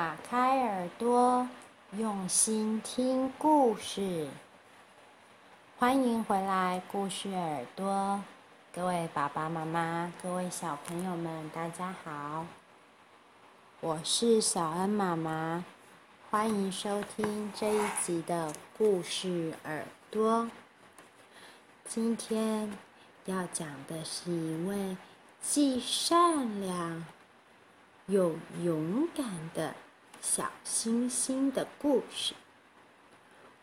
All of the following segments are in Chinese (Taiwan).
打開耳朵，用心聽故事。歡迎回來，故事耳朵，各位爸爸媽媽，各位小朋友們，大家好。我是小恩媽媽，歡迎收聽這一集的故事耳朵。今天要講的是一位既善良又勇敢的小星星的故事。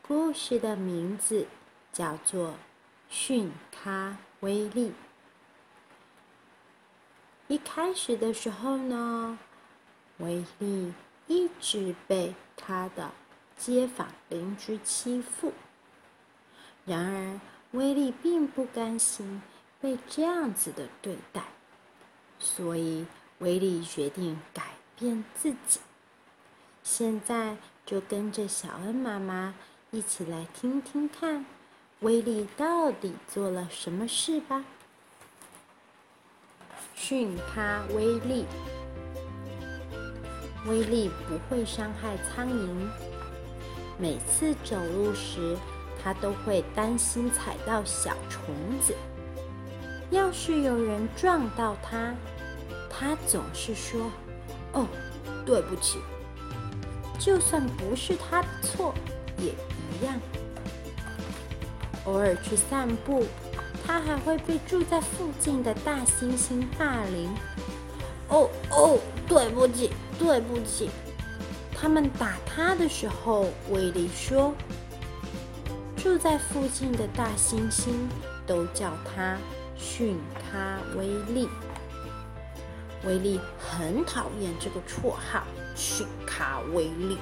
故事的名字叫做《遜咖威力》。一開始的時候呢，威力一直被他的街坊鄰居欺負。然而，威力並不甘心被這樣子的對待，所以威力決定改變自己。現在就跟着小恩媽媽一起來聽聽看，威力到底做了什麼事吧。遜咖威力。威力不會傷害蒼蠅。每次走路時，他都會擔心踩到小蟲子。要是有人撞到他，他總是說：“哦，對不起。”就算不是他的錯，也一樣。偶爾去散步，他還會被住在附近的大猩猩霸凌。哦哦，對不起，對不起。他們打他的時候，威力說：“住在附近的大猩猩都叫他遜咖威力。”威力很討厭這個綽號“遜咖威力”。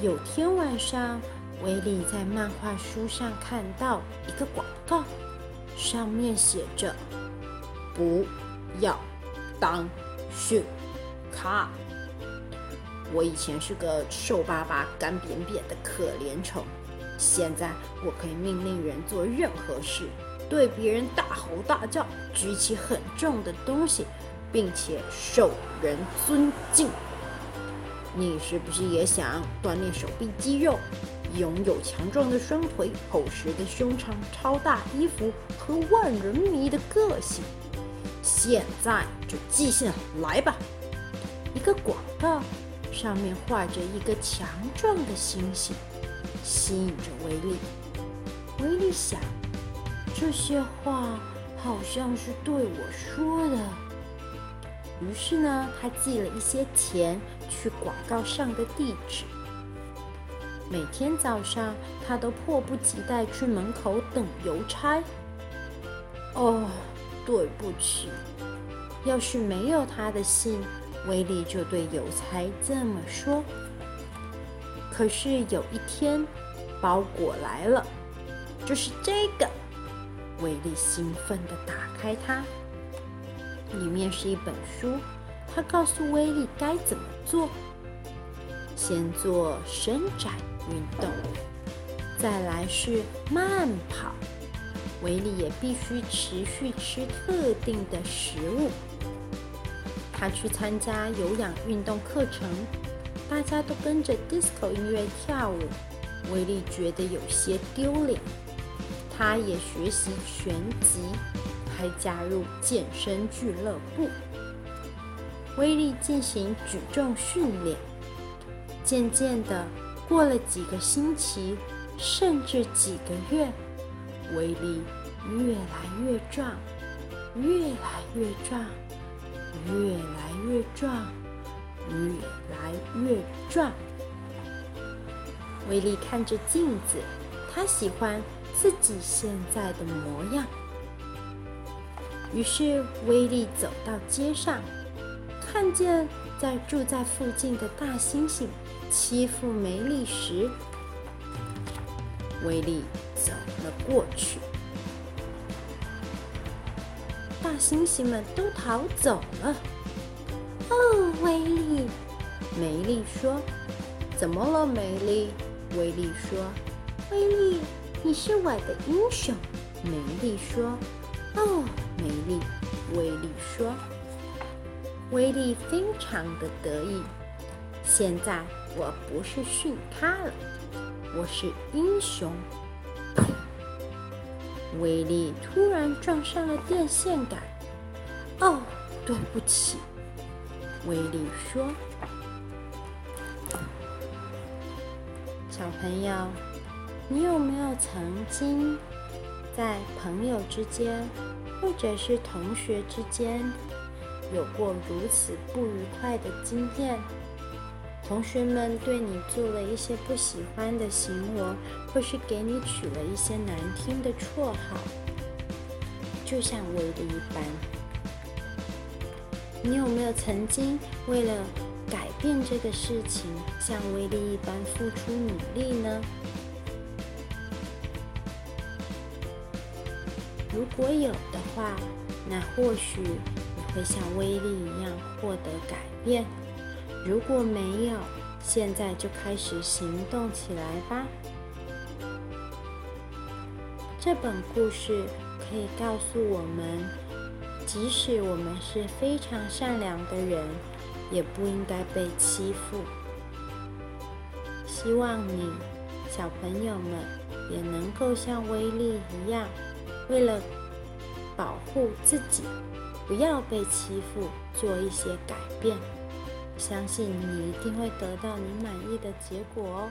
有天晚上，威力在漫畫書上看到一個廣告，上面寫着：“不要當遜咖。我以前是個瘦巴巴、乾扁扁的可憐蟲，現在我可以命令人做任何事。”對別人大吼大叫，舉起很重的東西，並且受人尊敬。你是不是也想鍛鍊手臂肌肉，擁有強壯的雙腿、厚實的胸膛、超大衣服和萬人迷的個性？現在就寄信來吧。一個廣告，上面畫着一個強壯的猩猩，吸引着威力。威力想，這些話好像是對我說的。於是呢，他寄了一些錢去廣告上的地址。每天早上，他都迫不及待去門口等郵差。哦，對不起，要是沒有他的信，威力就對郵差這麼說。可是有一天，包裹來了，就是這個。威力興奮地打開它，裡面是一本書。他告訴威力該怎麼做：先做伸展運動，再來是慢跑。威力也必須持續吃特定的食物。他去參加有氧運動課程，大家都跟着 Disco 音樂跳舞。威力覺得有些丟臉。他也學習拳擊，還加入健身俱樂部。威力進行舉重訓練。漸漸地，過了幾個星期，甚至幾個月，威力越來越壯，越來越壯，越來越壯，越來越壯。越來越壯。威力看着鏡子，他喜歡自己現在的模樣。於是威力走到街上，看見在住在附近的大猩猩欺負梅利時，威力走了過去。大猩猩們都逃走了。哦，威力，梅利說：“怎麼了，梅利？”威力說：“威力。”你是我的英雄，梅麗說。哦，梅麗，威力說。威力非常的得意。現在我不是遜咖了，我是英雄。威力突然撞上了電線桿。哦，對不起，威力說。小朋友，你有沒有曾經在朋友之間，或者是同學之間，有過如此不愉快的經驗？同學們對你做了一些不喜歡的行為，或是給你取了一些難聽的綽號，就像威力一般。你有沒有曾經為了改變這個事情，像威力一般付出努力呢？如果有的話，那或許你會像威力一樣獲得改變；如果沒有，現在就開始行動起來吧。這本故事可以告訴我們，即使我們是非常善良的人，也不應該被欺負。希望你小朋友們也能夠像威力一樣。為了保護自己，不要被欺負，做一些改變。相信你一定會得到你滿意的結果哦。